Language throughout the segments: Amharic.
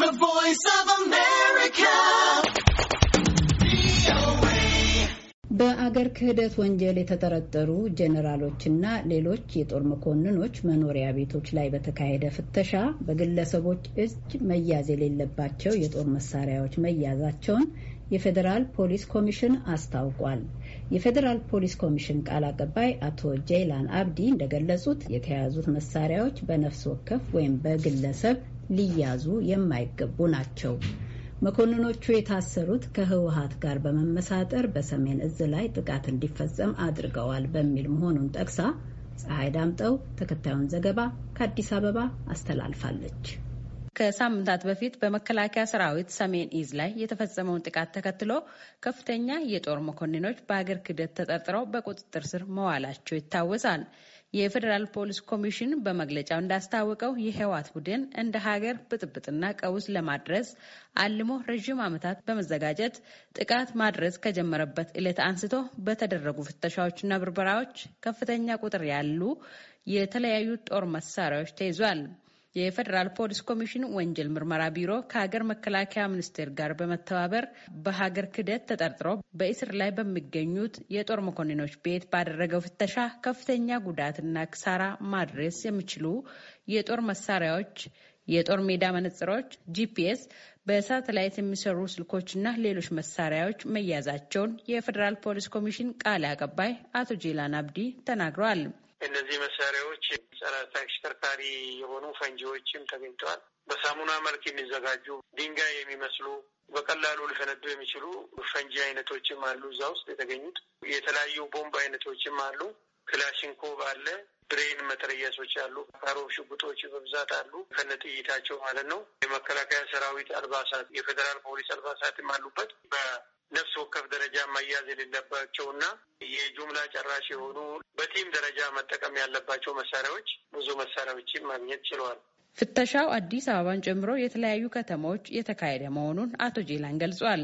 The Voice of America. በአገር ክህደት ወንጀል የተጠረጠሩ ጄኔራሎችና ሌሎች የጦር መኮንኖች መኖሪያ ቤቶች ላይ በተካሄደ ፍተሻ በግለሰቦች እጅ መያዝ የሌለባቸው የጦር መሳሪያዎች መያዛቸውን የፌዴራል ፖሊስ ኮሚሽን አስታውቋል። የፌዴራል ፖሊስ ኮሚሽን ቃል አቀባይ አቶ ጄይላን አብዲ እንደገለጹት የተያዙት መሳሪያዎች በነፍስ ወከፍ ወይም በግለሰብ ሊያዙ የማይገቡ ናቸው። መኮንኖቹ የታሰሩት ከህወሀት ጋር በመመሳጠር በሰሜን እዝ ላይ ጥቃት እንዲፈጸም አድርገዋል በሚል መሆኑን ጠቅሳ ፀሐይ ዳምጠው ተከታዩን ዘገባ ከአዲስ አበባ አስተላልፋለች። ከሳምንታት በፊት በመከላከያ ሰራዊት ሰሜን ኢዝ ላይ የተፈጸመውን ጥቃት ተከትሎ ከፍተኛ የጦር መኮንኖች በአገር ክህደት ተጠርጥረው በቁጥጥር ስር መዋላቸው ይታወሳል። የፌዴራል ፖሊስ ኮሚሽን በመግለጫው እንዳስታወቀው የህወሓት ቡድን እንደ ሀገር ብጥብጥና ቀውስ ለማድረስ አልሞ ረዥም ዓመታት በመዘጋጀት ጥቃት ማድረስ ከጀመረበት ዕለት አንስቶ በተደረጉ ፍተሻዎችና ብርበራዎች ከፍተኛ ቁጥር ያሉ የተለያዩ ጦር መሳሪያዎች ተይዟል። የፌዴራል ፖሊስ ኮሚሽን ወንጀል ምርመራ ቢሮ ከሀገር መከላከያ ሚኒስቴር ጋር በመተባበር በሀገር ክደት ተጠርጥረው በእስር ላይ በሚገኙት የጦር መኮንኖች ቤት ባደረገው ፍተሻ ከፍተኛ ጉዳትና ክሳራ ማድረስ የሚችሉ የጦር መሳሪያዎች የጦር ሜዳ መነጽሮች፣ ጂፒኤስ፣ በሳተላይት የሚሰሩ ስልኮችና ሌሎች መሳሪያዎች መያዛቸውን የፌዴራል ፖሊስ ኮሚሽን ቃል አቀባይ አቶ ጄላን አብዲ ተናግረዋል። እነዚህ መሳሪያዎች፣ ጸረ ተሽከርካሪ የሆኑ ፈንጂዎችም ተገኝተዋል። በሳሙና መልክ የሚዘጋጁ ድንጋይ የሚመስሉ በቀላሉ ሊፈነዱ የሚችሉ ፈንጂ አይነቶችም አሉ። እዛ ውስጥ የተገኙት የተለያዩ ቦምብ አይነቶችም አሉ። ክላሽንኮቭ አለ። ብሬን መትረየሶች አሉ። ካሮብ ሽጉጦች በብዛት አሉ፣ ከነጥይታቸው ማለት ነው። የመከላከያ ሰራዊት አልባሳት፣ የፌዴራል ፖሊስ አልባሳትም አሉበት። መያዝ የሌለባቸው እና የጁምላ ጨራሽ የሆኑ በቲም ደረጃ መጠቀም ያለባቸው መሳሪያዎች ብዙ መሳሪያዎችን ማግኘት ችለዋል። ፍተሻው አዲስ አበባን ጨምሮ የተለያዩ ከተሞች የተካሄደ መሆኑን አቶ ጄላን ገልጿል።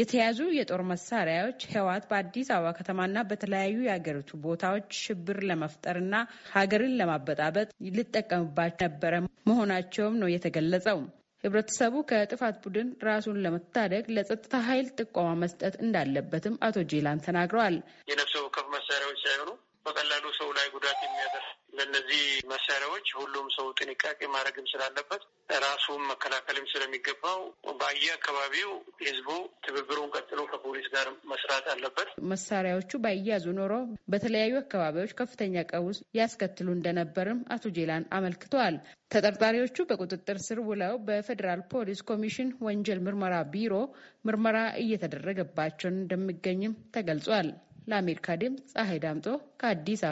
የተያዙ የጦር መሳሪያዎች ህወሓት በአዲስ አበባ ከተማና በተለያዩ የሀገሪቱ ቦታዎች ሽብር ለመፍጠርና ሀገርን ለማበጣበጥ ሊጠቀምባቸው ነበረ መሆናቸውም ነው የተገለጸው። ህብረተሰቡ ከጥፋት ቡድን ራሱን ለመታደግ ለጸጥታ ኃይል ጥቆማ መስጠት እንዳለበትም አቶ ጄላን ተናግረዋል። የነፍስ ወከፍ መሳሪያዎች ሳይሆኑ በቀላሉ ሰው ላይ ጉዳት የሚያደርስ ለእነዚህ መሳሪያዎች ሁሉም ሰው ጥንቃቄ ማድረግም ስላለበት ራሱን መከላከልም ስለሚገባው በየአካባቢው ህዝቡ ትብብሩን ቀጥሎ ከፖሊስ ጋር መስራት አለበት። መሳሪያዎቹ በያዙ ኖሮ በተለያዩ አካባቢዎች ከፍተኛ ቀውስ ያስከትሉ እንደነበርም አቶ ጄላን አመልክተዋል። ተጠርጣሪዎቹ በቁጥጥር ስር ውለው በፌዴራል ፖሊስ ኮሚሽን ወንጀል ምርመራ ቢሮ ምርመራ እየተደረገባቸው እንደሚገኝም ተገልጿል። ለአሜሪካ ድምፅ ፀሐይ ዳምጦ ከአዲስ